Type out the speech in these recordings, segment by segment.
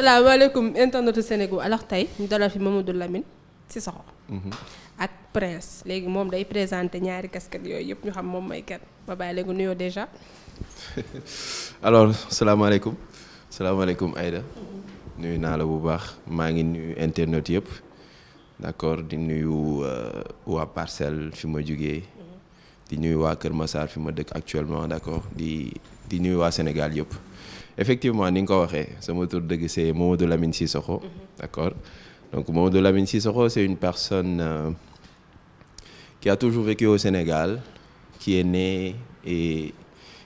salaamaaleykum internetu Sénégal alors tey ñu dalal fi Mamadou Lamine Cissokho mhm. ak Prince léegi moom day présenté ñaari casquette yooyu yëpp ñu xam moom mooy kenn ba bàyyi léegi alors salaamaaleykum salaamaaleykum Aïda. nuyu naa la bu baax maa ngi nuyu internet yëpp d'accord di nuyu euh, waa parcelle fi ma jógee mhm. di nuyu waa Kër Massar fi ma dëkk actuellement d'accord di di nuyu waa Sénégal yëpp. effectivement ni nga ko waxee sama tur dëgg c'est Mamadou Lamine soxo d'accord donc Mamadou Lamine Sissoko c'est une personne euh, qui a toujours vécu au Sénégal qui est né et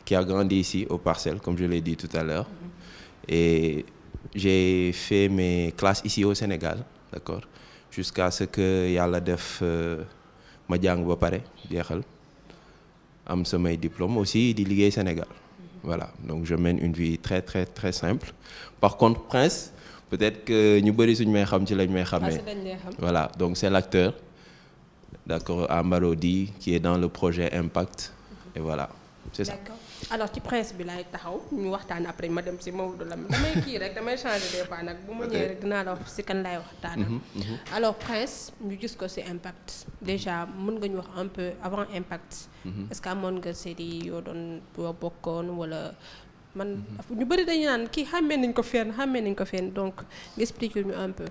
qui a grandi ici aux Parcelles comme je l'ai dit tout à l'heure et j'ai fait mes classes ici au Sénégal jusqu'à ce que yàlla def euh, ma jàng ba pare jeexal am samay diplôme aussi di liggéey Sénégal voilà donc je mène une vie très très très simple par contre Prince peut-être que ñu bëri suñu may xam ci lañ may xamee ah, voilà donc c'est l'acteur d'accord à Marodi qui est dans le projet Impact et voilà c'est ça alors ci presse bi laay taxaw ñu waxtaan après ma dem si Maodo Lam damay kii rek damay changer des fois nag bu ma ñëwee dinaa la wax si kan laay waxtaana mhm, mhm. alors presse ñu gis ko ci impact déjà mën nga ñu wax un peu avant impact mhm. est-ce que amoon nga série yoo doon bokkoon wala man ñu bëri dañu naan kii xàmmee nañ ko fenn xàmmee nañ ko fenn donc nga expliquer ñu un peu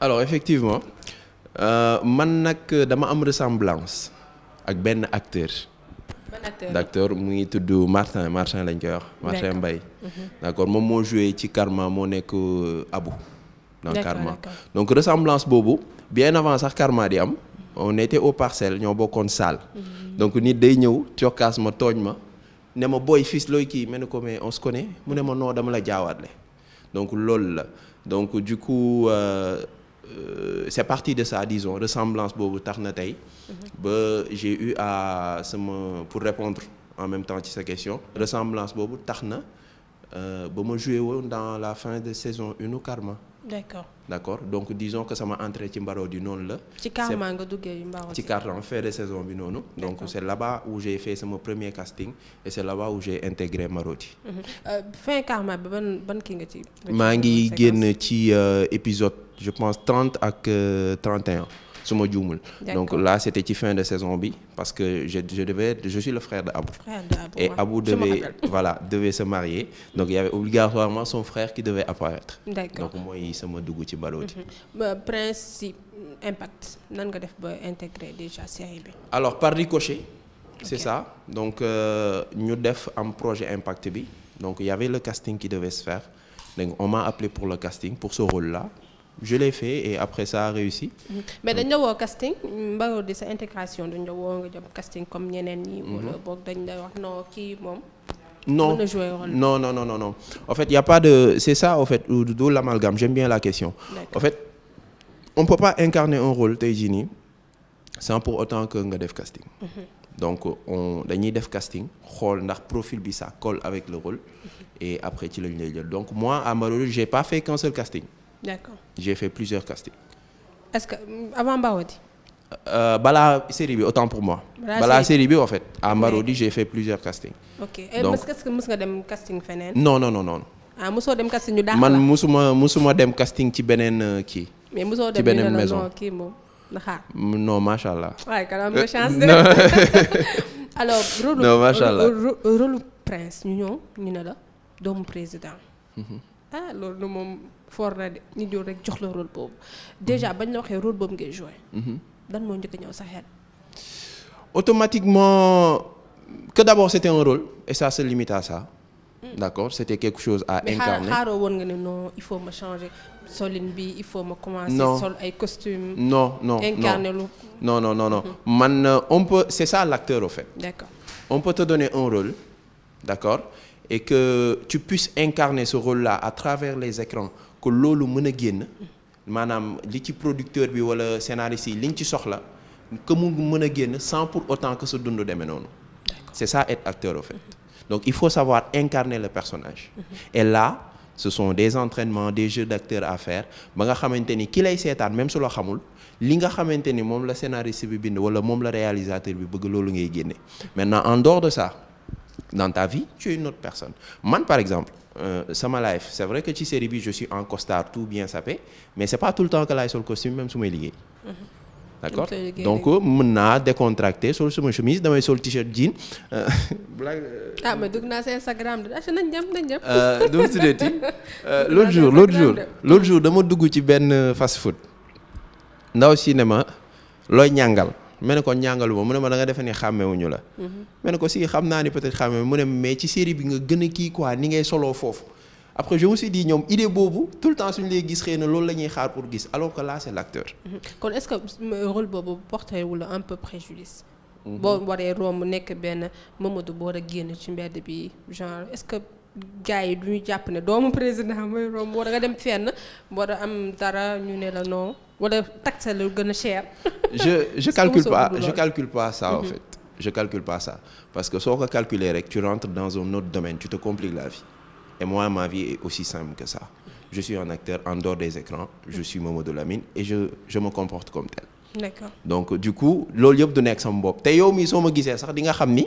alors effectivement euh, man nag dama am ressemblance ak benn acteur d' acteur mu ngi tudd Martin Martin lañ koy wax. Martin Mbaye. Mhm. d' accord moom moo joué ci Karma moo nekk euh, Abu. dans Karma donc ressemblance boobu bien avant sax Karma di am. on était au parcelle ñoo bokkoon salle. Mhm. donc nit day ñëw cokkaas ma tooñ ma. ne ma booy fis looy kii ma ne ko mais on se mu ne ma noo dama la jaawaatle donc loolu la donc du euh, Euh, c'est partie de ça disons ressemblance boobu tax na tey ba j'ai eu à sama pour répondre en même temps ci sa question ressemblance boobu tax na euh, ba ma joué woon dans la fin de saison une Karma d'accord d' accord donc disons que sama entrée ci Mbaro di noonu la. ci Karma nga duggee Mbaro ci Karma fin de saison bi noonu. donc c' est là-bas où j'ai fait sama premier casting et c' est là-bas où j'ai intégré Marodi. Mhm. Euh, fin Karma bi ban ban kii nga ci. maa ngi génn ci euh, épisode je pense 30 ak 31. Euh, su ma juumul donc là c'était ci fin de saison bi parce que je je suis le frère de Abou et Abou devait voilà devait se marier donc il y avait obligatoirement son frère qui devait apparaître donc mooy sama dugg ci baloo ji mhm. principe impact nan nga def ba intégrer déjà série bi alors par ricochet c'est ça donc euh, ñu def am projet impact bi donc il y avait le casting qui devait se faire donc on m'a appelé pour le casting pour ce rôle là je l'ai fait et après ça a réussi. Mm-hmm. mais dañ la woo casting mbaroo di sa intégration dañ la woo nga jëm casting comme ñeneen ñi. Mm-hmm. wala boog dañ la wax non kii moom. non non non non non en fait y a pas de c'est ça en fait d'où l'amalgame j'aime bien la question. en fait on peut pas incarner un rôle tey jii nii sans pour autant que nga def casting. Mm-hmm. donc on dañuy def casting xool ndax profil bi ça colle avec le rôle. et après ci lañ lay jël donc moi à Marodi j'ai pas fait qu'un seul casting. d'accord j'ai fait plusieurs castings. est-ce que avant Mbarodi. Euh, balaa série bi autant pour moi. balaa série bi en fait. à Mbarodi j'ai fait plusieurs castings. ok donc ce que mës nga dem casting feneen. non non non non. ah mosoo dem casting ñu daax man mosuma mosuma dem casting ci beneen kii. mais mosoo dem ci beneen maison kii moom la xaar. non macha allah. waaye kanam nga chance de. allah ñëw ñu ne la ah loolu nu moom foor na de ñu jël rek jox la rôle boobu déjà mhm. bañ la waxee rôle boobu ngay joué. dan mhm. moo njëkk ñëw sa xel. automatiquement que d'abord c'était un rôle et ça se limite à ça. Mm. d'accord c'était quelque chose à incarner mais xaaroo woon nga ne non il faut ma changer solin bi il faut ma commencer ay costume non non incarner lu mhm. man euh, on peut c'est ça l'acteur au fait d'accord on peut te donner un rôle d'accord et que tu puisses incarner ce rôle-là à travers les écrans que loolu mën a génn maanaam li ci producteur bi wala scénariste yi liñ ci soxla que mu mën a génn sans pour autant que sa dund demee noonu c'est ça et acteur au fait donc il faut savoir incarner le personnage mm-hmm. et là ce sont des entraînements des jeux d'acteurs à faire ba nga xamante ni ki lay seetaan même su la xamul li nga xamante ni moom la scénariste bi bind wala moom la réalisateur bi bëgg loolu ngay génne maintenant en dehors de ça dans ta vie tu es une personne man par exemple euh, sama euh, life c'est vrai que ci série bi je en costard tout bien sapé mais c'est pas tout le temps que laay sol costume même su may liggéey mhm. donc mën naa décontracté sol suma chemise damay sol t-shirt jean. Euh, blague. Euh, ah mais naa sa Instagram de ah nañ dem nañ dem. nu mu tuddati l'autre jour l'autre jour l'autre jour dama dugg ci benn fast food ndaw cinéma looy ñàngal. ma ko ñàngalu mu ne ma da defe ne xàmmewuñu la mm-hmm. ma ne ko si xam naa ni peut-être xàmme mu ne mais ci série bi nga gën a kii quoi ni ngay soloo foofu après je me suis ñoom idée boobu tout temps suñu lay gis xëy na loolu la xaar pour gis alors que là c'est l'acteur mm-hmm. kon est-ce que rôle boobu porté wu la un peu préjudice mm-hmm. boo waree romb nekk benn Mamadou Bora génn ci mbedd bi genre est-ce gars yi du ñu jàpp ne doomu président mooy romb war nga dem fenn war a am dara ñu ne la non walla taxe la gën a cher. je je calcule pas mhm. je calcule pas ça en parce que soo ko calculer rek tu rentres dans un autre domaine tu te compliques la vie et moi ma vie est aussi simple que ça je suis un acteur en dehors des écrans je suis Mamadou Lamine et je je me comporte comme tel. d'accord donc du coup loolu yëpp du nekk sa bopp te yow mii soo ma gisee sax di nga xam ni.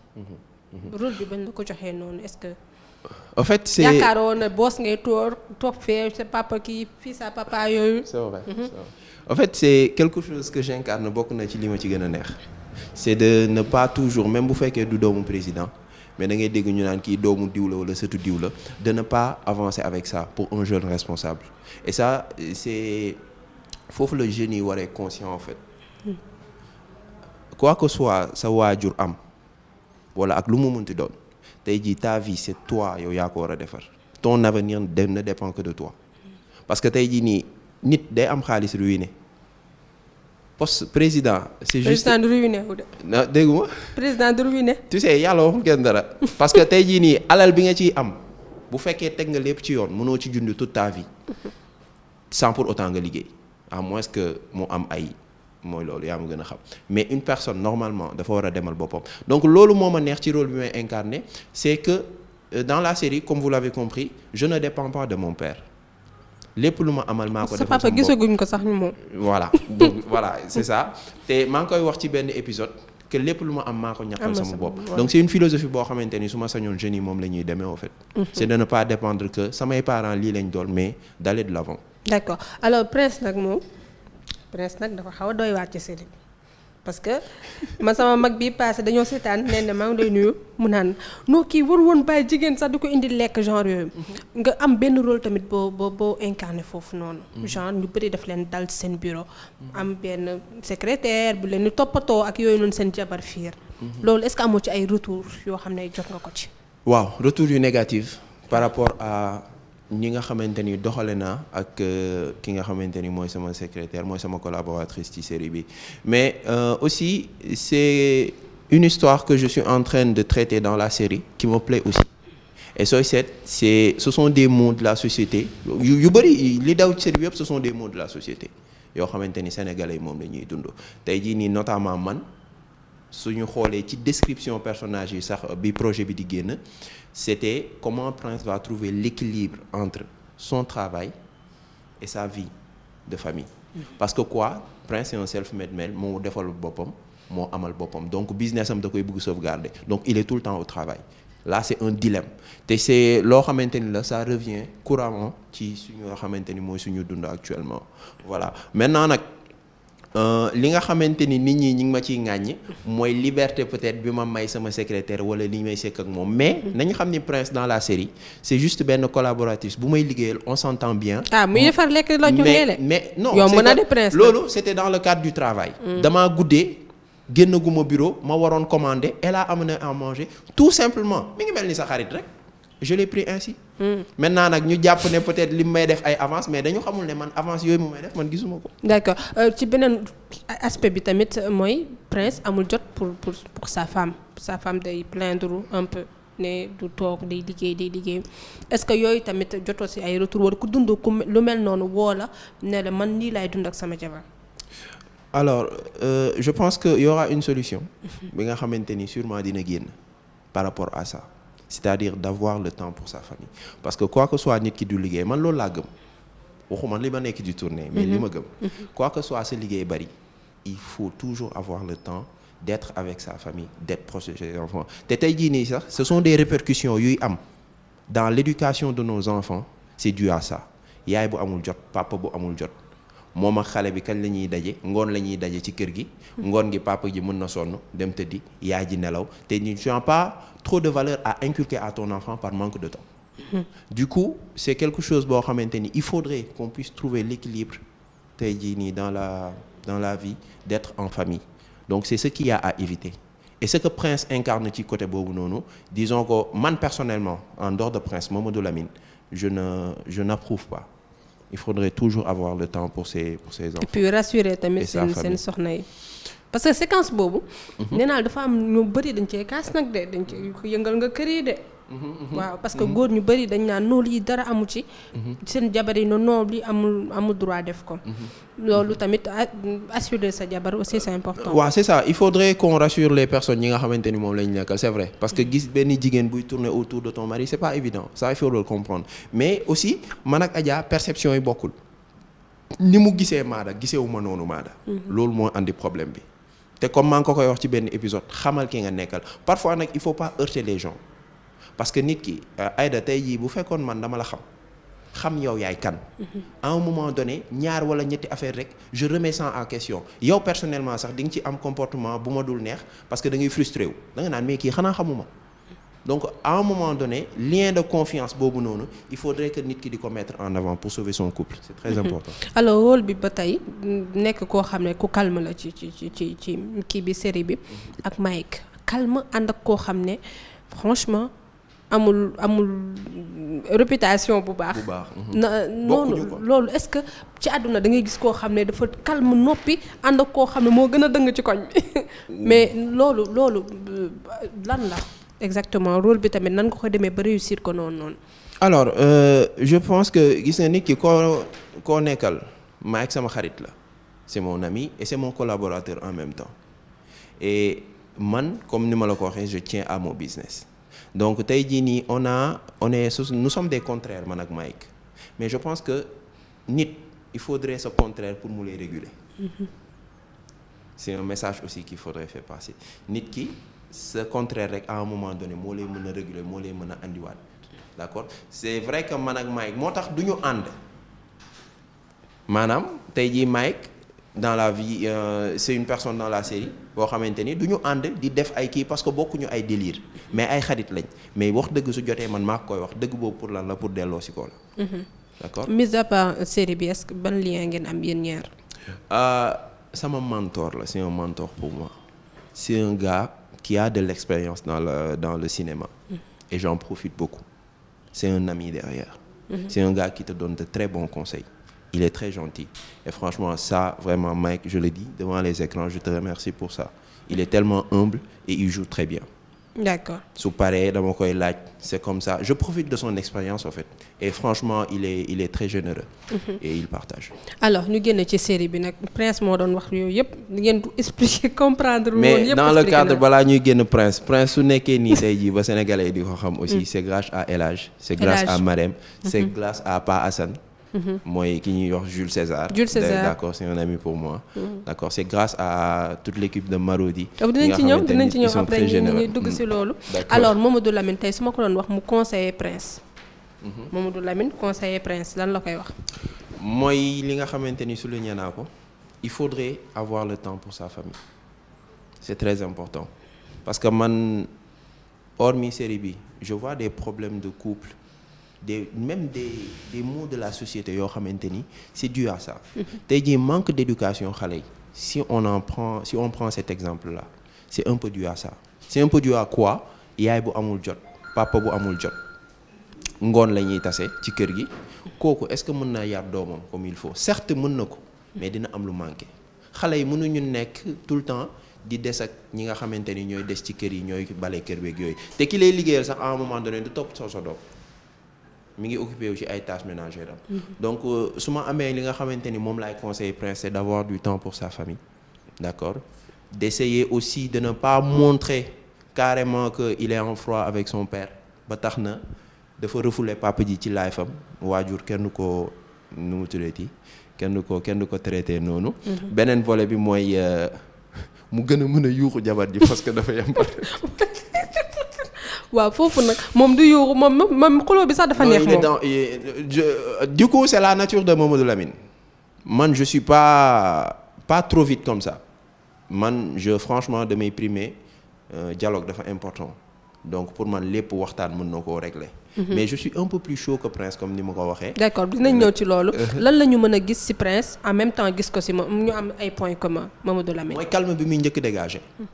Mm-hmm. rôle bi bañ la ko joxee noonu est-ce que. en fait c'est yaakaaroon na boos ngay toog toog fee sa papa kii fii sa papa yooyu. c'est mm-hmm. vrai en fait c'est quelque chose que j'incarne bokk na ci li ma ci gën a neex. c'est de ne pas toujours même bu fekkee du doomu président mais da ngay dégg ñu naan kii doomu diw la wala sëtu diw la de ne pas avancer avec ça pour un jeune responsable et ça c'est foofu la jeunes yi waree conscient en fait. Mm. quoi que soit sa waajur am. wala ak lu mu mënti doon tey jii ta vie c'est toi yow yaa ko war a defar ton avenir na dépend que de toi parce que tey jii nii nit day am xaalis ruiné poste président c'est juste président du ruiné na dégg ma président du ruiné tu sais yàlla waxul kenn dara parce que tey jii nii alal bi nga ciy am bu fekkee teg nga lépp ci yoon mënoo ci jund toute ta vie sans pour autant nga liggéey à mois que mu am ay mooy loolu yaa ma gën a xam mais une personne normalement dafa war a demal boppam donc loolu moo ma neex ci rôle bi may incarné c'est que euh, dans la série comme vous l'avez amal maa ko defal sa papa gisaguñ ko sax ñu moom ngi koy wax ci benn épisode que lépp lu am maa ko ñàkkal sama bopp donc c'est une philosophie boo xamante ni su ma sañoon jeunes yi moom la ñuy demee en fait mhm. c'est de ne pas dépendre que samay parents lii lañ doon mais d'aller de l'avant d'accord alors Prince nag moom prince nag dafa xaw a doy waat ci série bi parce que man sama mag bi passé dañoo seetaan nee na maa ngi lay nuyu mu naan noo kii war woon bàyyi jigéen sax di ko indi lekk genre yooyu. Mhm. nga am benn role tamit boo boo boo incarné foofu noonu. Mhm. genre ñu bëri daf leen dal seen bureau. Mhm. am benn secrétaire bu leen di toppatoo ak yooyu noonu seen jabar fiir loolu est-ce que ci ay retour yoo xam ne jot nga ko ci. waaw retour yu négatif par rapport à. ñi nga xamante ni doxale naa ak euh, ki nga xamante ni mooy sama secrétaire mooy sama collaboratrice ci série bi mais euh, aussi c'est une histoire que je suis en train de traiter dans la série qui me plaît aussi e sooy seet c'est ce sont des mots de la société yu yu bëri li daw ci série bi yëpp ce sont des mots de la société yoo xamante ni sénégalais moom la ñuy dund tey ji nii notamment man su ñu xoolee ci description personnage yi sax bi projet bi di génn c'était comment Prince va trouver l'équilibre entre son travail et sa vie de famille mm-hmm. parce que quoi Prince est un self-made man moo defal boppam moo amal boppam donc business am da koy bëgg sauvegarder donc il est tout le temps au travail là c'est un dilemme te c'est loo xamante ni la ça revient couramment ci suñu loo xamante ni mooy suñu dund actuellement voilà maintenant nag Euh, li nga xamante ni nit ñi ñi ngi ma ciy ñi mooy liberté peut-être bi ma may sama secrétaire wala li ñu may sekk ak moom mais nañu xam ni Prince dans la série c'est juste benn collaboratrice bu may liggéeyal on s'entend bien. ah muy defar lekk la ñu mais mais non yow mën Prince loolu c'était dans le cadre du travail. Mm. damaa guddee. génn gu ma bureau ma waroon commander elle a amené à manger tout simplement mi ngi mel ni sa xarit rek. je l'ai pris ainsi. Mm. maintenant nag ñu jàpp ne peut-être li may def ay avance mais dañu xamul ne man avance yooyu mu may def man gisuma ko. d'accord euh, ci beneen aspect bi tamit mooy prince amul jot pour pour pour sa femme sa femme day plaindre un peu ne du toog day liggéey liggéey est-ce que yooyu tamit joto si ay retour wala ku dund ku lu mel noonu woo la ne la man nii laay dund ak sama jabar. alors euh, je pense que y aura une solution. bi nga xamante ni sûrement dina génn par rapport à ça. c'est-à-dire d'avoir le temps pour sa famille parce que quoi que soit nit ki du liggéey man loolu laa gëm waxuma li ma nekk di tourner mais li ma gëm mm-hmm. Mm-hmm. quoi que soit sa liggéey bari il faut toujours avoir le temps d'être avec sa famille d'être proche de enfants te tey jii nii sax ce sont des répercussions yuy am dans l'éducation de nos enfants c'est dû à ça yaay bu amul jot papa bu amul jot moom ak xale bi kañ la ñuy daje ngoon la ñuy daje ci kër gi. ngoon gi papa ji mën na sonn dem tëddi yaay ji nelaw te ñu tu n'as pas trop de valeur à inculquer à ton enfant par manque de temps. Mm-hmm. du coup c'est quelque chose boo xamante ni il faudrait qu'on puisse trouver l'équilibre tey jii nii dans la dans la vie d'être en famille donc c'est ce qu'il y a à éviter et ce que Prince incarne ci côté boobu noonu disons que man personnellement en dehors de Prince Mamadou Lamine je ne je n'approuve pas. il faudrait toujours avoir le temps pour ses pour ses enfants. et puis rassurer tamit seen seen soxna yi. parce que séquence boobu. Mhm. nee naa dafa am ñu bëri dañ cee kaas nag de dañ cee yëngal nga kër yi de. Mm-hmm. waaw parce que mm-hmm. góor ñu bëri dañ naa nool yi dara amu ci mm-hmm. seen jabar yi noonu nool yi amul amul droit def ko loolu tamit assurer sa jabar aussi c'est important waaw c'est ça il faudrait yi nga xamante ni moom la ñu nekkal parce que gis benn jigéen buy tourner autour de ton mari c'est pas évident comprendre mais aussi man ak Adja perception yi bokkul li mu gisee Maada gisewu ma noonu Maada loolu moo indi problème bi te comme maa ngi ko koy wax ci benn épisode xamal ki nga nekkal parfois nag il faut pas heurter les parce que nit ki euh, Aïda tey jii bu fekkoon man dama la xam xam yow yaay kan. Mm-hmm. à un moment donné ñaar wala ñetti affaire rek je remets ça en question yow personnellement sax di nga ci am comportement bu ma dul neex parce que da ngay frustré wu da nga naan mais kii xanaa xamuma. donc à un moment donné lien de confiance boobu noonu il faudrait que nit ki di ko mettre en avant pour sauver son couple c'est très mm-hmm. important. alors rôle bi ba tey nekk koo xam ne ku calme la ci ci ci ci ci kii bi série bi mm-hmm. ak Mike calme ànd ak koo xam ne amul amul réputation bu baax. bu baax mhm. na noonu loolu est-ce que ci àdduna da ngay gis koo xam ne dafa calme noppi ànd ak koo xam ne moo gën a dëng ci koñ bi mm. mais loolu loolu euh, lan la exactement rôle bi tamit nan nga ko demee ba réussir ko noonu noonu. alors euh, je pense que gis na nit ki ko koo nekkal maa ak sama xarit la c'est mon ami et c'est mon collaborateur en même temps e man comme ni ma la ko waxee je tiens à mon business. donc tey jii nii on a on est nous sommes des contraires man ak Mike mais je pense que nit il faudrait sa contraire pour mu lay réguler. Mmh. un message aussi qu'il faudrait faire passer nit ki sa contraire rek à un moment donné moo lay mën a réguler moo lay mën a andiwaat d'accord c'est vrai que man ak Mike moo tax du ñu ànd maanaam tey jii Mike. dans la vie euh, c'est une personne dans la série boo xamante ni du ñu ànd di def ay kii parce que bokku ñu ay délire mais ay xarit lañ mais wax dëgg su jotee man maa koy wax dëgg boobu pour lan la pour delloo si ko la. Mm-hmm. d'accord mis à part série bi est-ce que ban lien ngeen am yéen ñaar. Euh, sama mentor la c'est un mentor pour moi c'est un gars qui a de l'expérience dans le dans le cinéma. Mm-hmm. et j'en profite beaucoup c'est un ami derrière. Mm-hmm. c'est un gars qui te donne très bon conseils. il est très gentil. Et franchement, ça, vraiment, Mike, je le dis devant les écrans, je te remercie pour ça. Il est tellement humble et il joue très bien. Sous pareil, dans mon coin, c'est comme ça. Je profite de son expérience, en fait. Et franchement, il est, il est très généreux. Mm -hmm. Et il partage. Alors, nous avons une série, le Mais dans le cadre, voilà, nous avons prince. Prince, nous n'est ni dit, les Sénégalais, aussi. Mm. C'est grâce à Elage, c'est grâce à Marem, mhm. c'est grâce mooy ki ñuy wax Jules César. Jules César d' accord c' est un ami pour moi. Mhm. d' accord c' est grâce à toute l' équipe de Marodi. Ah, dinañ ci ñëw dinañ ci ñëw après ñu ngi dugg si mhm. loolu. tey su ma ko doon wax mu conseiller prince. Mhm. Mamadou Lamine conseiller prince lan la koy wax. mooy li nga xamante ni souligné naa ko. il faudrait avoir le temps pour sa famille. c' est très important. parce que man hormis série bi je vois des problèmes de couple. des même des des de la société yoo xamante ni c'est dû à ça. tey jii manque d'éducation xale yi si on en prend si on prend cet exemple la c'est un peu dû à ça c'est un peu dû quoi yaay bu amul jot papa bu amul jot. ngoon la ñuy tase ci kër gi kooku est-ce que mën naa yar doomam comme il faut certes mën na ko mais dina am lu manqué xale yi mënuñu nekk tout le temps di des ak ñi nga xamante ni ñooy des ci kër yi ñooy bale kër beeg yooyu te ki lay liggéeyal sax à un moment donné mi ngi occupé wu ci ay tâches ménagères am. Mm-hmm. donc euh, su ma amee li nga xamante ni moom laay conseil prince c'est d'avoir du temps pour sa famille d'accord d'essayer aussi dana ne pas montrer carrément que il est en froid avec son père ba tax na dafa refoulé papa ji ci life am waajur kenn ko nu mu tuddati kenn ko kenn ko traité noonu. Mm-hmm. beneen volet bi mooy euh, mu gën a mën a yuuxu jabar ji parce que dafa yem waaw foofu nag moom du yuuxu moom moom xuloo bi sax dafa neex moom du coup c'est la nature de Mamadou Lamine man je suis pas pas trop vite comme ça man je franchement damay primer euh, dialogue dafa important donc pour man lép waxtaan mën na koo régler. Mhm. mais je suis un peu plus chaud que Prince comme ni ma ko waxee. d' accord dinañ ñëw ci loolu. Euh, euh. lan la ñu mën a gis ci Prince en même temps gis ko si moom ñu am ay points communs Mamadou mooy calme bi muy njëkk dégagé. Hmm.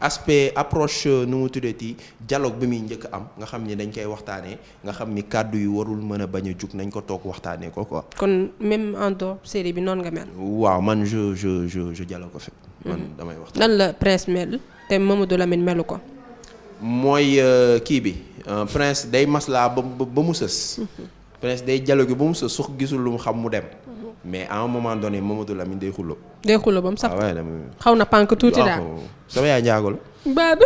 aspect approche euh, nu mu tuddati dialogue bi muy njëkk am nga xam ni dañ koy waxtaanee nga xam ni kàddu yu warul mën a bañ a jug nañ ko toog waxtaanee ko ko kon même en dehors série bi noonu nga mel. waaw man je je je je dialogue ko fi. Mhm. man damay waxtaan nan la prince mel te Mamadou Lamine melu ko. mooy euh, kii bi euh, prince day maslaa ba ba mu sës. Mhm. prince day dialogue ba mu sës su gisul lu mu xam mu dem. Mhm. mais à un moment donné Mamadou Lamine day xullo. day xullo ba mu sax ah xaw na pànk tuuti daal sama yaay njaago la. baab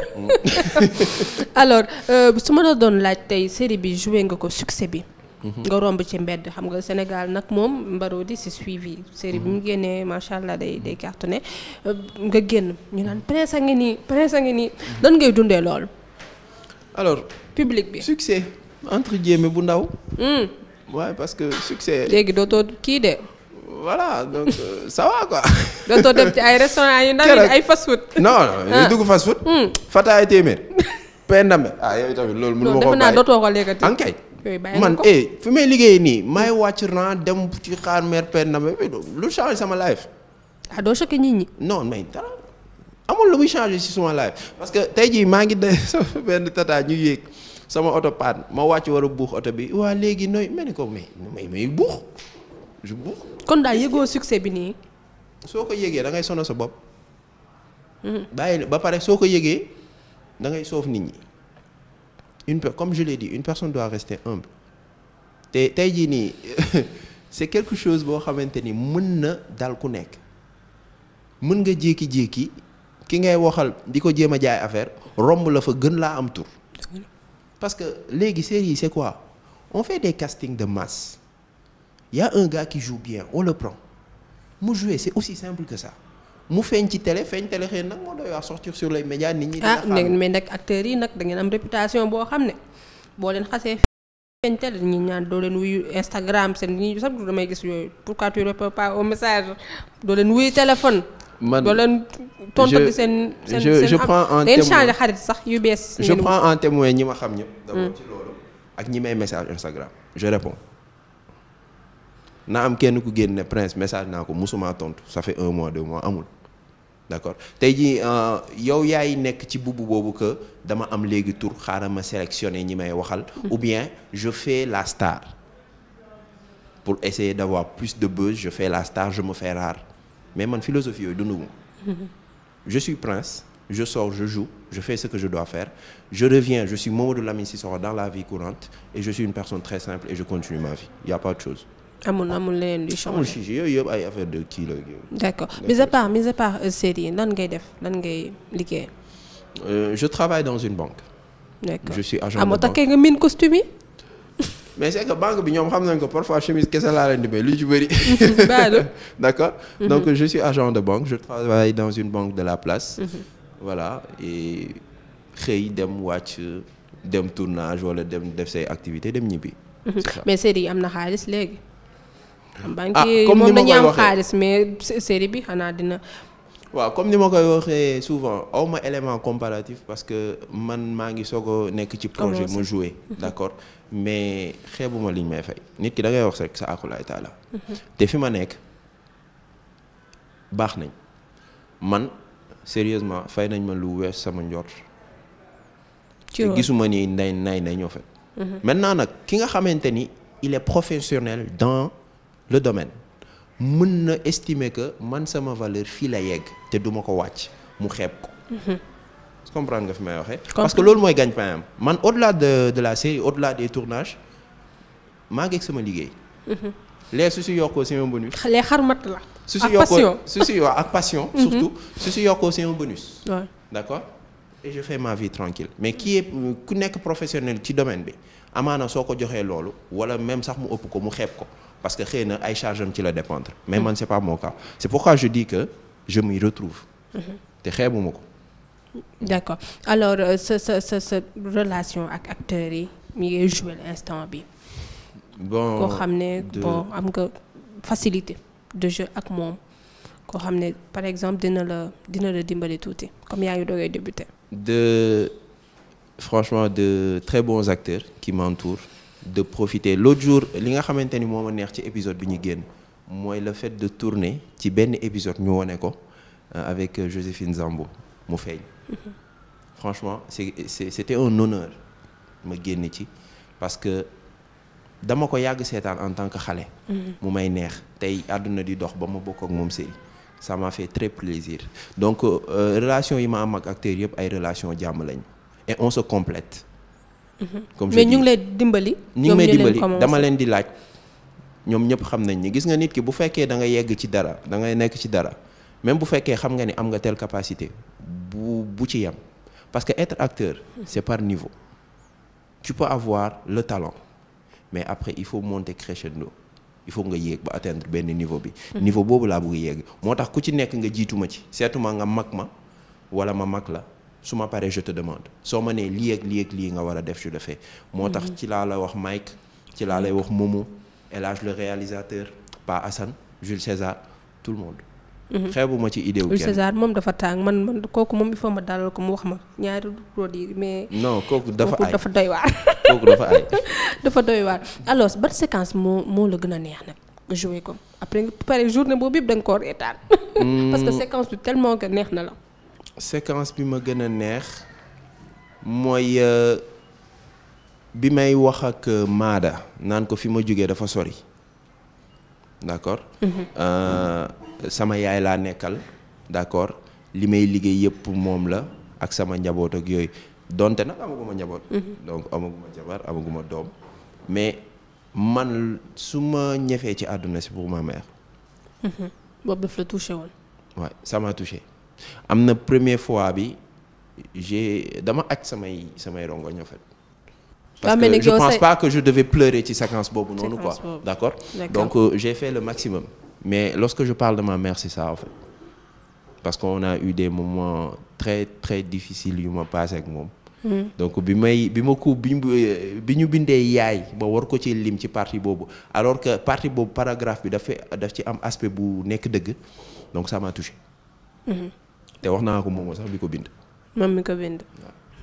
alors euh, su ma la doon laaj tey série bi joué nga ko succès bi. Mhm. nga romb ci mbedd xam nga Sénégal nag moom Marodi c'est suivi. série bi mu mhm. génnee macha allah day day cartonné euh, nga génn ñu naan prince a ngi nii prince mhm. ngay dundee lool. alors public bi succès entre guillemets bu ndaw. waaye hmm. parce que succès. léegi dootoo kii de. voilà donc euh, ça va quoi. dootoo dem ci ay restaurants yu ndaw yi ay fast food. non non dugg fast food. Hmm. Fataay téeméer. Pendambe ah yooyu tamit loolu. mënu ma ko bàyyi naa dootoo ko léegi. Ah, eh, may liggéey nii may wàcc ren sama life. ah suma life parce que tey jii maa ngi de sama oto panne ma wàcc war a bi waa léegi nooy mel ni ko mais may buux. je kon daal yëgoo succès bi nii. soo ko yëgee da ngay sono sa bopp. Hmm. bàyyi ba pare soo ko yëgee da ngay soof nit ñi une comme je di une personne doit rester humble te tey jii nii c'est quelque chose boo xamante ni mën na dal ku nekk mën nga jékki-jékki ki ngay waxal di ko jéem a jaay affaire romb la fa gën laa am tur parce que léegi série yi c'est quoi on fait des castings de masse. y a un gars qui joue bien on le prend mu jouer c'est aussi simple que ça mu feeñ ci télé feeñ télé xëy nag moo doy waar sortir sur les médias nit ñi. ah mais nag acteurs yi nag da ngeen am réputation boo xam ne boo len xasee feeñ télé ñi ñaan doo leen wuyu Instagram seen ñi sax damay gis yooyu pourquoi tu réponds pas au message doo leen wuyu téléphone. man je seen seen je je prends xarit sax yu bees. je prends en témoin ñi ma xam ñëpp. d'abord hmm. ci ñi may message Instagram je réponds. naa am kenn ku génn ne prince message naa ko musuma tontu ça fait un mois deux mois amul d'accord tey jii euh, yow yaay nekk ci bubu boobu que dama am léegi tur xaaral ma sélectionner ñi may waxal. ou bien je fais la star. pour essayer d'avoir plus de buzz je fais la star je me fais rare mais man philosophie yooyu dundu ma je suis prince je sors je joue je fais ce que je dois faire je reviens je suis Mamadou Lamine Sissoko dans la vie courante et je suis amul amul leneen luy changé amul chichi yooyu yëpp affaire de kii la d' accord mis a part mis à part euh, série yi lan ngay def lan ngay liggéey. Euh, je travaille dans une banque. d' accord je suis agent ah, de banque nga miin costume yi. mais se est banque bi ñoom xam nañ ko parfois chemise kese laa leen di may lu ci bëri. d' accord mhm. donc je suis agent de banque je travaille dans une banque de la place. Mhm. voilà et xëy dem wàcc dem tournage wala dem def say activité dem ñibbi. Mhm. mais série am na xaalis léegi. Ah, banque yi moom dañuy am xaalis mais série bi xanaa dina. waaw comme ni ma koy waxee souvent aw ma élément comparatif parce que man maa ngi soog a nekk ci projet mu joué d'accord mais xeebuma liñ may fay nit ki da ngay wax rek sa akulaay taala mhm. te fi ma nekk baax nañ man sérieusement fay nañ ma lu wees sama njort te gisuma ni nday nay nay ñoo fet mhm. maintenant nag ki nga xamante ni il est professionnel dans le domaine mën na estimer que man sama valeur fii la yegg te du ma ko wàcc mu xeep ko mhm. comprendre nga fi may waxee parce que loolu mooy gagne-pain am man au-delà de de la série au-delà des tournages maa ngi ak sama liggéey léegi su si yokkoo sama bonus les la su si yokkoo su si waaw ak su yokkoo sama bonus d'accord et je fais ma vie tranquille mais qui est ku nekk professionnel ci domaine bi amaana soo ko joxee loolu wala même sax mu ëpp ko mu xeeb ko parce que xëy na ay charge am ci la dépendre mais man c'est pas mon cas c'est pourquoi je dis que je m'y retrouve te xeebuma ko euh, ak acteurs yi mi ngi joué bi bon xam ne bon am nga facilité de jeu ak moom koo xam ne par exemple dina la dina la dimbali tuuti comme yaa ngi doogay débuté de franchement de très bons acteurs qui m'entourent de profiter l'autre jour li nga xamante ni moo a neex ci épisode bi ñu génn mooy le fait de tourner ci benn épisode ñu wone ko euh, avec euh, Joséphine Zambo mu feeñ franchement c'est c'était un honneur ma génn ci parce que dama ko yàgg seetaan en tant que xale mm-hmm. mu may neex tey àdduna di dox ba ma bokk ak moom série ça m'a fait très plaisir donc euh, euh relation yi ma am ak acteurs yëpp ay relation jàmm lañu et on se complète comme mais ñu ngi lay dimbali. ñu may dimbali dama leen di laaj. ñoom ñëpp xam nañ ni gis nga nit ki bu fekkee da nga yegg ci dara da ngay nekk ci dara même bu fekkee xam nga ni am nga telle capacité bu bu ci yem parce que acteur c'est par niveau avoir le talent mais après il faut monter crescendo il faut nga yéeg ba atteindre benn niveau bi hmm. niveau boobu laa bëgg yéeg moo tax ku ci nekk nga jiitu ma ci seetuma nga mag ma wala ma mag la su ma paree je te demande soo ma nee lii ak lii ak nga war a def je le fais moo tax mhm. ci laa la wax Mike ci laa lay wax Momo mu Hadj le réalisateur par assan Jules César tout le monde. Mhm. xeebuma ci idée wu kenn. Jules moom dafa tàng man man kooku moom il faut ma dalal ko mu wax ma ñaari produit mais. non kooku dafa ay dafa doy waar. kooku dafa ay. dafa doy waar alors séquence moo moo la gën a neex na nga joué ko après nga pare journée boobu yëpp da nga koo reetaan. Hmm. parce que séquence bi neex na la. séquence bi ma gën a neex mooy euh, bi may wax ak euh, Maada naan ko fi ma jógee dafa sori d'accord mhm. euh, sama yaay laa nekkal d'accord li may liggéey yëpp moom la ak sama njaboot ak yooyu donte nag amaguma njaboot mhm. donc amaguma jabar amaguma doom mais man su ma ñefee ci àdduna si pour ma mère mhm. boobu daf la touché woon waaw ça m'a am na première fois bi j'ai dama aj samay samay rongoñ en fait parce ah, que je pense pas que je devais ci séquence boobu noonu quoi d'accord donc euh, fait le maximum mais lorsque je parle de ma mère c'est ça en fait parce qu'on a eu des moments très très difficiles yu ma passé moom hmm. donc bi may bi ma ko bi bi ñu bindee yaay ma war ko ci lim ci partie boobu alors que parti boobu paragraphe bi dafa daf ci am aspect bu nekk dëgg donc ça m'a touché hmm. te wax naa ko moom sax bi ko bind. moom mi ko bind.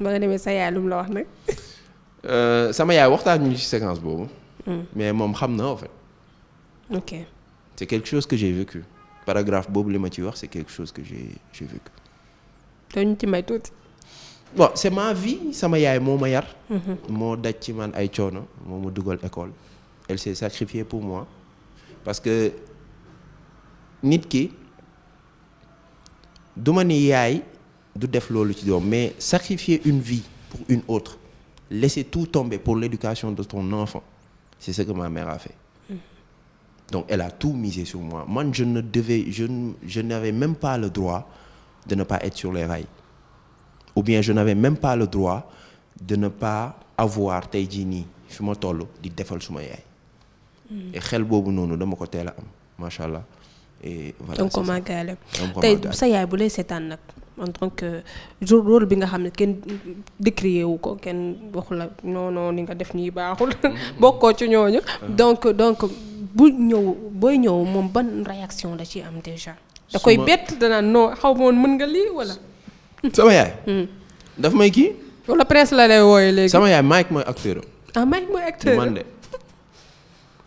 ba nga demee sa yaay lu mu la wax nag. Euh, sama yaay waxtaan ñu ci séquence boobu. Hmm. mais moom xam na en fait. ok c' est quelque chose que j'ai vécu paragraphe boobu li ma ci wax c' est quelque chose que j'ai j'ai vécu. te ñu ci may tuuti. bon c' ma vie sama yaay moo ma yar. Mm-hmm. moo daj ci man ay coono moo ma dugal école. elle s'est sacrifiée pour moi parce que nit ki. du ma ni yaay du def loolu ci doom mais sacrifier une vie pour une autre laisser tout tomber pour l'éducation de ton enfant c'est ce que ma mère a fait mm-hmm. donc elle a tout misé sur moi man je ne devais je ne je n'avais même pas le droit de ne pas être sur les rails ou bien je n'avais même pas le droit de ne pas avoir tey jii nii fi ma toll di defal suma yaay. Mm. et xel boobu noonu dama ko teel a am macha allah. et voilà donc màggaale tey sa yaay bu lay seetaan nag en tant que jour rôle bi nga xam ne kenn décrié wu ko kenn waxu la non ni nga def nii baaxul mm-hmm. bokkoo ci ñooñu ah. donc donc bu ñëw booy ñëw moom ban réaction la ci am déjà da koy bett danaa non xaw ma mën nga lii wala sama yaay mm. daf may kii wala presse la lay wooye léegi sama yaay Mike mooy acteur ah Mike mooy acteur man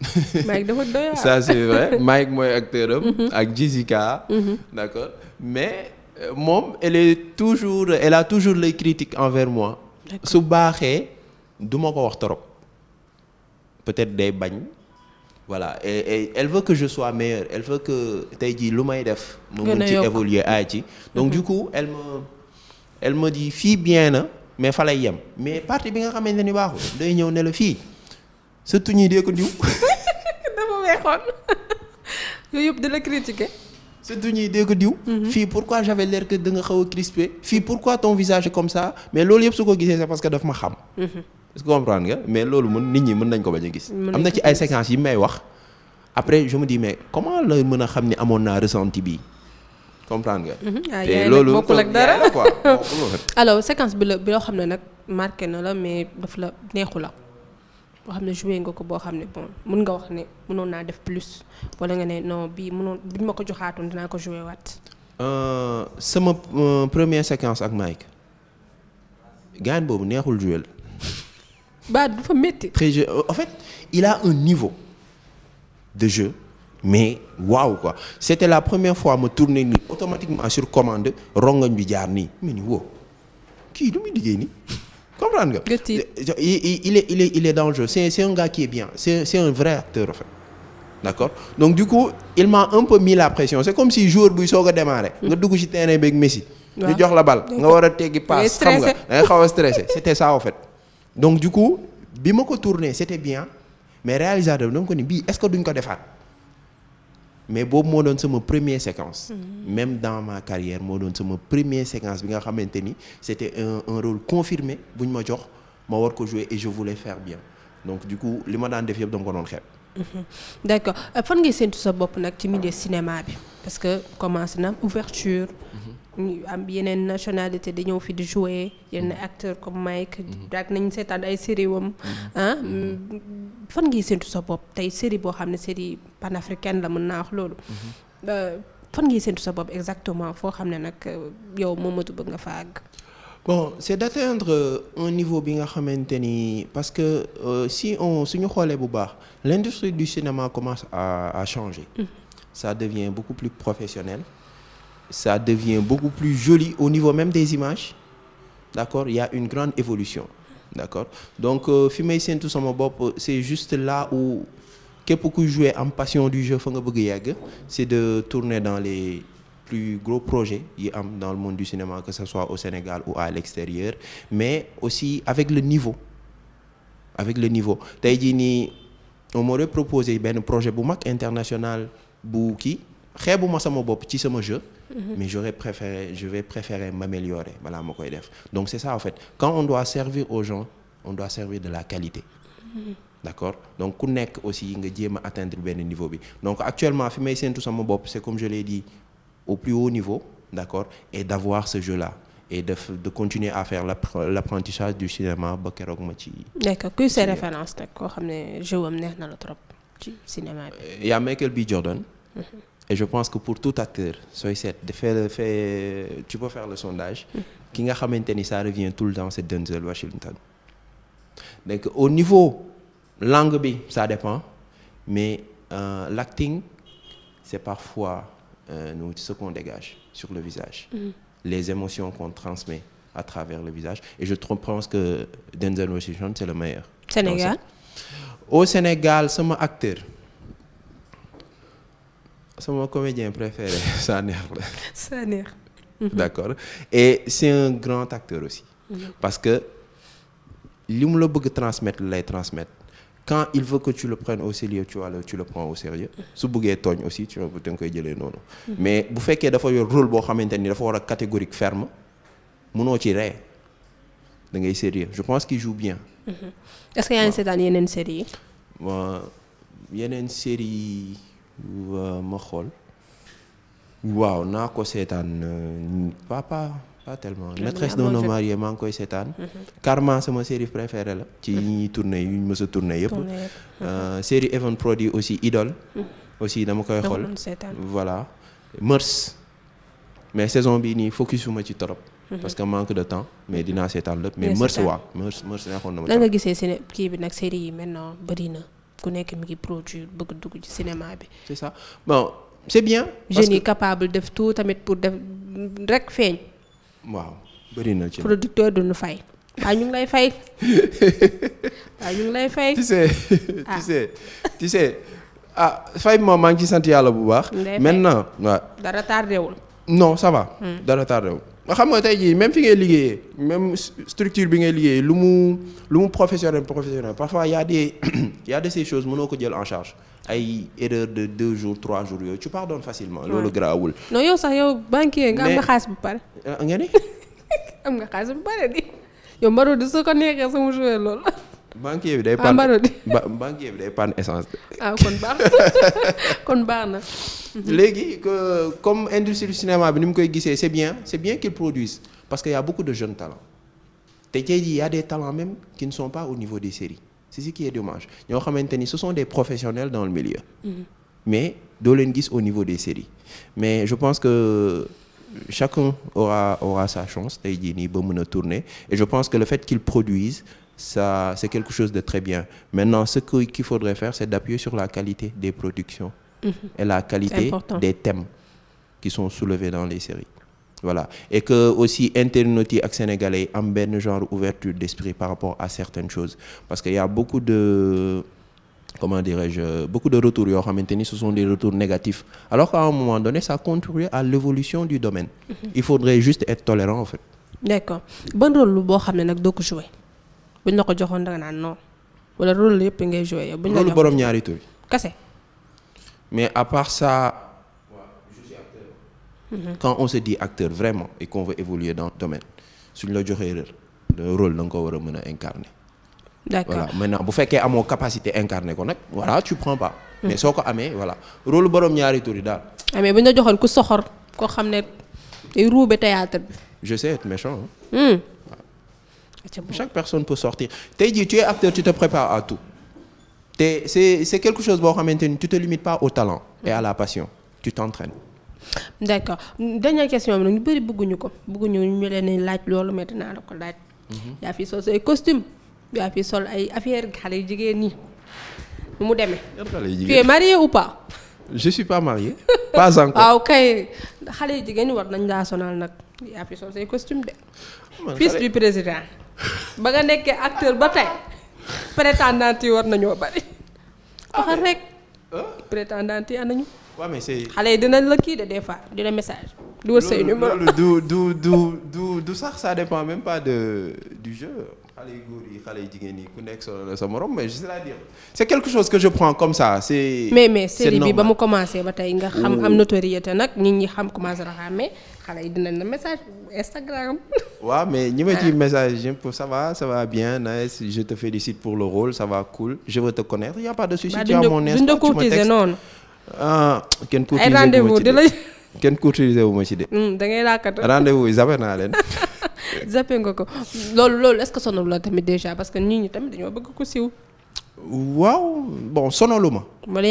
Mike dafa doy waar ça mooy acteur am. Mhm. ak Jessica. Mhm. d'accord mais euh, moom elle est toujours elle a toujours les critiques envers moi. su baaxee du ma ko wax trop peut-être day bañ. voilà et, et elle veut que je sois meilleur elle veut que tey jii lu may def. mu mun ci évoluer aay ci. donc mhm. du coup elle me elle me fii bien na mais fa lay yem mais parti bi nga xamante ni baaxul day ñëw ne la fii. sa tuñ yi dee ko diw. dafa weexoon yooyu yëpp dina critiquer. sa dee ko diw. Mhm. fii pourquoi j'avais l'air que da nga xaw a crispé. fii pourquoi ton visage comme ça mais loolu yëpp su ko gisee c'est parce que daf ma xam. Mhm. est que comprendre nga mais loolu mën nit ñi mën nañ ko bañ a gis. am na ci ay séquences yi may wax. après je me di mais comment la mën a xam ni amoon naa ressenti bii. comprendre nga. Mhm. Ah, loolu bokkul ak dara quoi alors séquence bi la bi loo xam ne nag marqué na la mais daf la neexu la. boo xam ne joué nga ko boo xam ne bon mun nga wax ne mënoon naa def plus wala nga ne non bii mënoon buñ ma ko joxaatoon dinaa ko joué wat euh, sama euh, première séquence ak Mike gaan boobu neexul joué la. ba dafa métti. très euh, en fait il a un niveau de jeu. mais waaw quoi c'était la première fois ma tourné nii automatiquement sur commande rongañ bi jaar nii mu ni woo kii du muy liggéey nii comprendre nga. il est il est dans le jeu c'est c'est un gars qui vrai acteur en fait. d'accord donc du coup il m'a un peu mis la pression c'est comme si joueur buy soog a démarrer. nga dugg ci terrain beeg Messi. ñu jox la balle nga war a teggi passe xam nga da nga xaw a stressé c'était donc du bi ma ko tourné c'était bien mais réalisateur bi da nga ko ni bii est-ce que duñ ko defaat. mais boobu moo doon sama première séquence. Hmm. même dans ma carrière moo doon sama première séquence bi nga xamante ni c'était un un rôle confirmé bu ñu ma jox ma war ko jouer et je voulais faire bien donc du coup li ma daan def yëpp dama ko doon xeeb. Mhm. d'accord euh, fan ngay séntu sa bopp nag ci milieu cinéma bi parce que commencé na ouverture ñu am yeneen nationalité di ñëw fi di jouer yenn mm-hmm. acteur comme Mike. Mm-hmm. daag nañ seetaan ay série wam mm-hmm. ah mm, ngi séntu sa bopp tey série boo xam ne série panafricaine la mën naa wax loolu. Euh, fan ngi séntu sa bopp exactement foo xam ne nag euh, yow moom Momadou bëgg nga fa àgg. bon c'est d'atteindre euh, un niveau bi nga xamante ni parce que euh, si on suñu xoolee bu baax l'industrie du cinéma commence à à changer. Mm devient beaucoup plus professionnel. ça devient beaucoup plus joli au niveau même des images d'accord il y une grande évolution d'accord donc euh, fi may séntu sama bopp c'est juste là où képp kuy jouer am passion du jeu fa nga bëgg yàgg c'est de tourner dans les plus gros projets yi am dans le monde du cinéma que ce soit au Sénégal ou à l'extérieur mais aussi avec le niveau avec le niveau tey jii nii on m'aurait proposé benn projet bu mag international bu kii xeebuma sama bopp ci sama jeu. Mhm. mais j'aurais préféré je vais préférer balaa ma koy def donc c'est ça en fait quand on doit servir aux gens on doit servir de la qualité. Mhm. d'accord donc ku nekk aussi nga jéem a atteindre benn niveau bi donc actuellement fi may séntu sama bopp c'est comme je l'ai dit au plus haut niveau d'accord et d'avoir ce jeu-là. et de de continuer à faire l'apprentissage du cinéma ba keroog ma ci. d'accord kuy say référence koo xam ne jeu am neex na la trop ci cinéma bi. Euh, y Michael B. Jordan. Mhm. et je pense que pour tout acteur sooy seet dafay fait tu peux faire le sondage. ki nga xamante ni ça revient tout le temps c'est Denzel Washington. donc au niveau langue bi ça dépend mais euh, l'acting c'est parfois euh, nous ce qu'on dégage sur le visage. Mm. les émotions qu'on transmet à travers le visage et je pense que Denzel Washington c'est le meilleur. Sénégal au Sénégal sama acteur. sama comédien préféré Sanex la. Sanex. d'accord et c'est un grand acteur aussi. Mhm. parce que li mu la bëgg transmettre lay transmettre. quand il veut que tu le prennes au sérieux tu vois tu le prends au sérieux su bëggee tooñ aussi tu da nga koy jëlee noonu. Mhm. mais bu fekkee dafa yor rôle boo xamante ni dafa war a catégorique ferme munoo ci ree da ngay je pense qu'il joue bien. Mhm. est-ce que yaa ngi seetaan yeneen séries Euh, ma xool waaw naa ko seetaan euh, papa pas tellement maîtresse d'un homme marié maa ngi koy seetaan mhm. Karma sama série préférée la ci ñuy tourné yu ñu mës a tourné yëpp euh, série Even Prodi aussi Idole mhm. aussi dama koy xool voilà Mœurs mais saison bi nii focus suma ci torop mhm. parce que manque de temps mais dinaa seetaan lépp mais Mœurs waa Mœurs Mœurs na ma lan nga gisee seen kii bi nag série yi maintenant bëri ku nekk mi ngi produire bëgg dugg ci cinéma bi. c'est ça bon c'est bien. parce jeunes yi capable def tout tamit pour def rek feeñ. waaw bëri na ci. producteur du ñu fay. waaw ah, ñu ngi lay fay waaw ah, ñu ngi lay fay. tu sais ah, ah fay moom maa ngi ci sant yàlla bu baax. maintenant waaw. dara tardé wul. non ça hmm. dara tardé nga xam nga tey jii même fi ngay liggéeye même structure bi ngay liggéeyee lu mu lu mu professionnel professionnel parfois y a des y a de ces choses mënoo ko jël en charge ay erreur de deux jours trois jours yooyu tu pardonnes facilement. loolu garaawul. non yow sax yow banquier nga nga xaalis bu pare. Euh, nga ni. am nga xaalis bu pare di yow Marodi su ko neexee sama joueur loolu. banquier ah, bi day pan banquier bi essence de. ah kon baax kon baax na. léegi que comme industrie du cinéma bi ni mu koy gisee c'est bien c'est bien qu'ils produisent parce que y a beaucoup de jeunes talents te tey jii y a des talents même qui ne sont pas au niveau des séries c'est ce qui est dommage ñoo xamante ni ce sont des professionnels dans le milieu. Mhm. mais doo leen gis au niveau des séries mais je pense que. chacun aura aura sa chance tey jii nii ba mën a tourner et je pense que le fait qu'ils produisent ça, c'est quelque chose de très bien. Maintenant, ce qu'il faudrait faire, c'est d'appuyer sur la qualité des productions mmh. et la qualité des thèmes qui sont soulevés dans les séries. et que aussi internautes yi ak sénégalais yi am benn genre ouverture d'esprit par rapport à certaines choses parce que y a beaucoup de comment dirais-je beaucoup de retours yoo xamante ni ce sont des retours négatifs alors qu'à un moment donné ça contribue à l'évolution du domaine mhm. il faudrait juste être tolérant en boo xam ne nag doo bañ la ko joxoon danga naan non wala rôle yëpp ngay joué. buñ la kese. mais à part ça. Mhm. quand on se dit acteur vraiment et qu'on veut évoluer dans la joxee rër le rôle ko war a mën a incarner. d'accord voilà maintenant bu fekkee amoo capacité incarner ko nag voilà tu prends pas. Mhm. soo ko amee voilà rôle borom ñaari tur yi daal. amee ah, bu ñu la joxoon ku soxor koo xam ne day ruube théâtre bi. je sais être méchant. chaque personne peut sortir tey jii tu es acteur tu te prépares à tout te c'est c'est quelque chose boo xamante ni tu te limites pas au talent et à la passion tu t'entraînes d'accord dernière question bi nag ñu bëri bëgguñu ko bëgguñu ñu leen laaj loolu mais dinaa la ko laaj mhm. yaa fi sol say costume yaa fi sol ay affaire xale yu jigéen ñi mu demee tu es marié ou pas je suis pas marié pas encore waaw ah, kay xale yu jigéen ñi war nañ laa sonal nag yaa fi sol say ba nga nekkee acteur ba tey prétendante yi war nañoo bari. waxal rek. prétendante yi am nañu. waaw mais xale yi dinañ la kii de des fois dina message. du wër say numéro du du du du du sax ça dépend même pas de du jeu. xale yu yi xale yu ku nekk solo sa morom mais c'est-à-dire c'est quelque chose que je prends comme ça c'est. mais mais série bi ba mu commencé ba tey nga xam am notoriété nag nit ñi xam commencé na xàmmee xale yi dinañ message Instagram. waaw mais ñi message yëpp ça va ça va bien nice je te félicite pour le rôle ça va cool je veux te connaître y' a pas de souci. tu as mon Insta tu ma texte noonu. ah kenn courtiser ay rendez la kenn courtiser wu ma ci de. Hmm, da ngay laakata rendez vous yi zappé naa ko loolu loolu est ce que sonal la tamit déjà parce que nit ñi tamit dañoo bëgg ko siw waaw bon sonalu ma.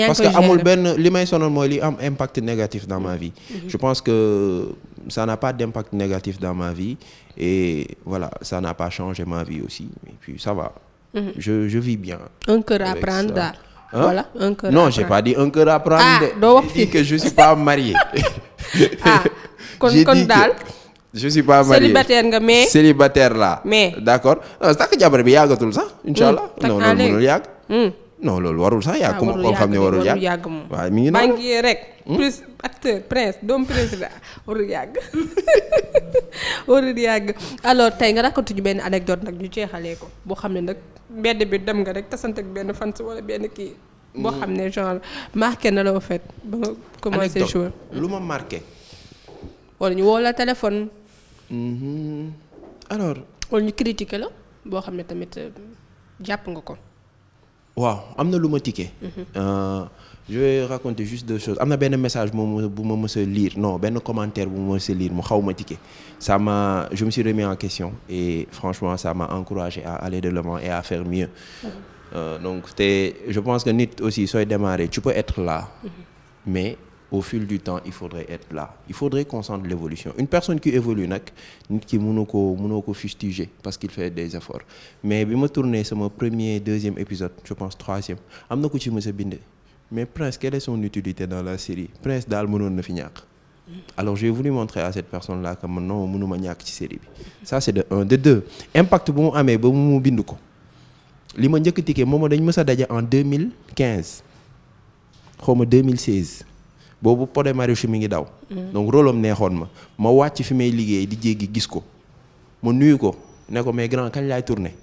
parce que amul benn li may sonal mooy li am impact négatif dans ma hmm. vie. Hmm. je pense que ça n'a pas d'impact négatif dans ma vie et voilà, ça n'a pas changé ma vie aussi. Et puis va. Mm-hmm. je, vis bien. Un cœur à Non, j'ai pas dit un cœur à Ah, j'ai dit que ah, je suis pas marié. célibataire nga mais. célibataire laa. mais d' accord non sax jabar bi yàggatul sax. Mm, incha allah non non mënul yàgg. Mm. non loolu warul sax yàgg. Ah, warul yàgg xam ne warul yàgg waaw mi ngi noonu banquier rek. Hmm? plus acteur prince doomu président ah, warul yàgg warul yàgg. alors tey nga rakkatu ñu benn anecdote nag ñu jeexalee ko boo xam ne nag mbedd bi dem nga rek tasante ak benn fan wala benn kii. boo hmm. xam ne genre marqué na la en ba nga commencé jouer lu ma marqué. wala ñu woo la téléphone. Hmm. alors. wala ñu critiqué la boo xam ne tamit euh, jàpp nga ko. waaw am na lu ma tikkee. Mhm. Euh, je vais raconter juste deux choses am na benn message moom bu ma mës a lire non benn commentaire bu ma mës lire mu xaw ma tikkee ça m'a je me suis remis en question et franchement ça m'a encouragé à aller de l'avant et à faire mieux. Mhm. Euh, donc te je pense que nit aussi sooy démarrer tu peux être là. Mhm. au fil du temps il faudrait être là il faudrait qu'on sente l'évolution une nag nit ki mënu ko mënoo ko fustiger parce qu'il fait des efforts mais bi ma tourné sama premier deuxième je pense troisième am na ko ci mës a bind mais Prince quelle est son utilité dans la série Prince daal mënoon na fi ñàkk alors j'ai voulu montrer à cette personne là que man non mënuma ñàkk ci série bi ça c'est de un de impact bu mu amee ba mu bind ko li ma njëkk tikkee moom dañ mës sa daje en 2015 xaw ma 2016 boobu Pod et mi ngi daw. Mm. donc rôle am neexoon ma ma wàcc fi may liggéey di jéggi gis ko ma nuyu ko ne ko mais grand kañ laay tourné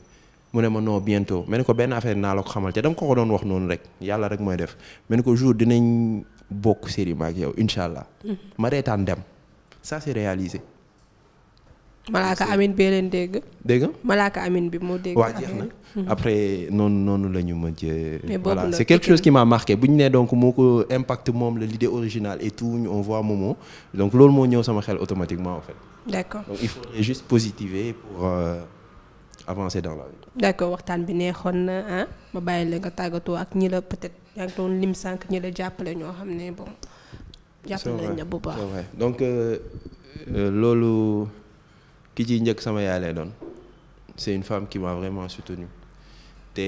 mu ne ma noo bientôt ma ne ko benn affaire naa la ko xamal te dama ko ko doon wax noonu rek yàlla rek mooy def ma ne ko jour dinañ bokk série ma ak yow incha allah. Mm. ma reetaan dem ça s'est réalisé. malaaka amin bee leen dégg. dégg nga malaaka amin bi moo dégg. waa mhm. après noonu noonu la ñu mën voilà c'est quelque chose qui m'a marqué bu ñu nee donc moo ko impact moom la l'idée originale et tout ñu on voit Momo loolu moo ñëw sama xel automatiquement en fait. d'accord donc il faudrait juste positiver pour euh, waxtaan bi neexoon na ah ma bàyyi la nga tàggatoo ak ñi la peut-être yaa ngi doon lim sànq ñi la jàppale ñoo xam ne bon. jàppale nañ la bu baax donc euh, euh, loolu. ki ciy njëkk sama yaay lay doon c'est une femme qui m'a vraiment soutenu te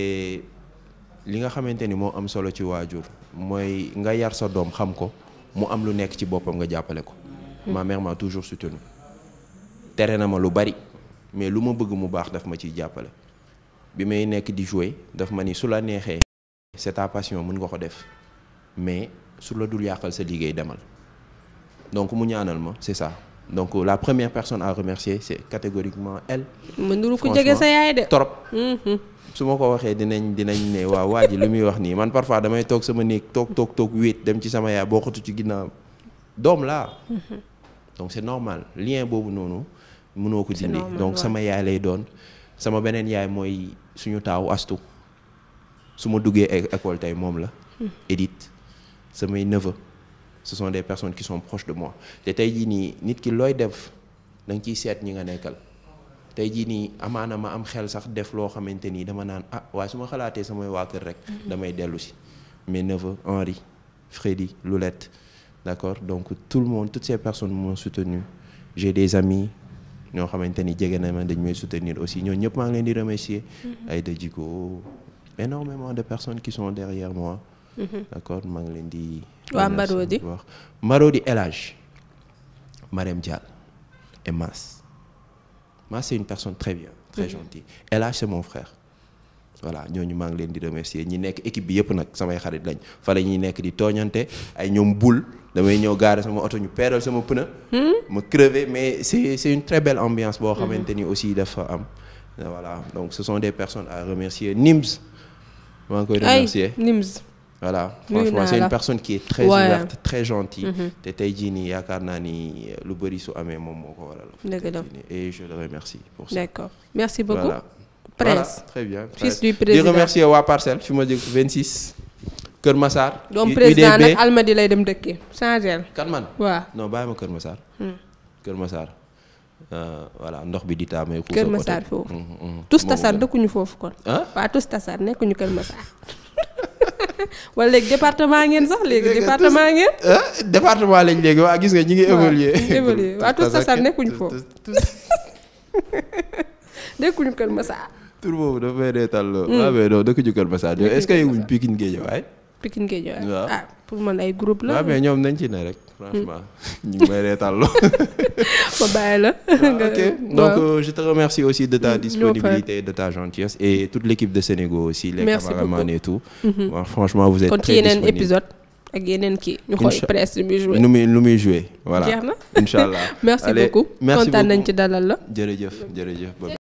li nga xamante ni moo am solo ci waajur mooy nga yar sa doom xam ko mu am lu nekk ci boppam nga jàppale ko. Hmm. ma mère m'a toujours soutenu tere na ma lu bari mais lu ma bëgg mu baax daf ma ciy jàppale bi may nekk di jouer daf ma ni su la neexee c'est ta passion mën nga ko def mais su la dul yàqal sa liggéey demal donc mu ñaanal ma c'est ça. donc euh, la première personne à remercier c'est catégoriquement elle. ma nuru ku jege sa yaay de. trop. Mhm. su ma ko waxee dinañ dinañ ne waaw waa ji li muy wax nii man parfois damay toog sama néeg toog toog toog wéet dem ci sama yaay bokkatu ci ginnaaw doom laa. Mhm. donc c'est normal lien boobu noonu mënoo ko dindi donc sama yaay lay doon sama beneen yaay mooy suñu taaw astu su ma duggee école tey moom la mhm. Edith samay neveu ce sont des personnes qui sont proches de moi te tey jii nii nit ki looy def da ciy seet ñi nga nekkal tey jii nii amaana ma am xel sax def loo xamante nii dama naan ah waaye su ma xalaatee samay waa kër rek mm-hmm. damay dellu si mes neveux Henri Freddy Loulette d'accord donc tout le monde toutes ces personnes m'ont soutenu j'ai des amis ñoo xamante ni jege na ma dañ may soutenir aussi ñoo ñëpp maa ngi leen di remercier ay de jiko énormément de personnes qui sont derrière Mm-hmm. d'accord maa ngi leen di. waa Marodi wax Marodi El Hadj Marème Dial et Mass Mass c'est une personne très bien très mm-hmm. gentille El Hadj c'est mon frère. voilà ñooñu maa ngi leen di remercier ñi nekk équipe bi yëpp nag samay xarit lañ fa la ñuy nekk di tooñante ay ñoom bul damay ñëw gaare sama oto ñu peeral sama pneu. Hmm? ma crevé mais c'est c'est une très belle ambiance boo mm-hmm. xamante ni aussi dafa am. voilà donc ce sont des personnes à remercier Nims maa ngi koy remercier Nims. voilà franchement c'est une personne mm-hmm. te jii nii yaakaar naa euh, lu bëri su amee moom ko waral dëgg la et je le remercie pour ça d'accord merci beaucoup Prince très bien fils du président di remercier waa Parcelles fi ma jóg 26 Kër Massar doom président nag Almadi lay dem dëkkee changel kan man waaw non bàyyi ma Kër Massar hmm. euh, ndox bi di taa may ku Kër hmm, hmm, tous tasar dëkkuñu foofu kon waa tous tasar nekkuñu Kër Massar wala léegi département ngeen sax léegi département ngeen. département lañ léegi waa gis nga ñi ngi évoluer évoluer waaw tous tasar nekkuñu foofu nekkuñu Kër Masar. tur boobu daf may dee tal. Hmm. waaw mais non dëkk ñu Kër Masar est-ce que yëguñ Pikine Guédiawaye. Pikine Guédiawaye waaw. Ah. pour man ay groupe la. waaw mais ñoom nañ ci ne rek. Hmm. franchement ñu ngi may reetal loo. ma bàyyi la. Ah, ok donc euh, je te a aussi de ta mm, disponibilité de ta gentillesse et toute l'équipe de Sénégal aussi. les caméramans et tout. Mm -hmm. bon, franchement vous êtes. Quand très disponible kon ci yeneen épisode ak yeneen kii. ñu xool presse bi muy joué. nu muy nu muy joué voilà. jeex na incha allah. merci Allez, beaucoup merci beaucoup kontaan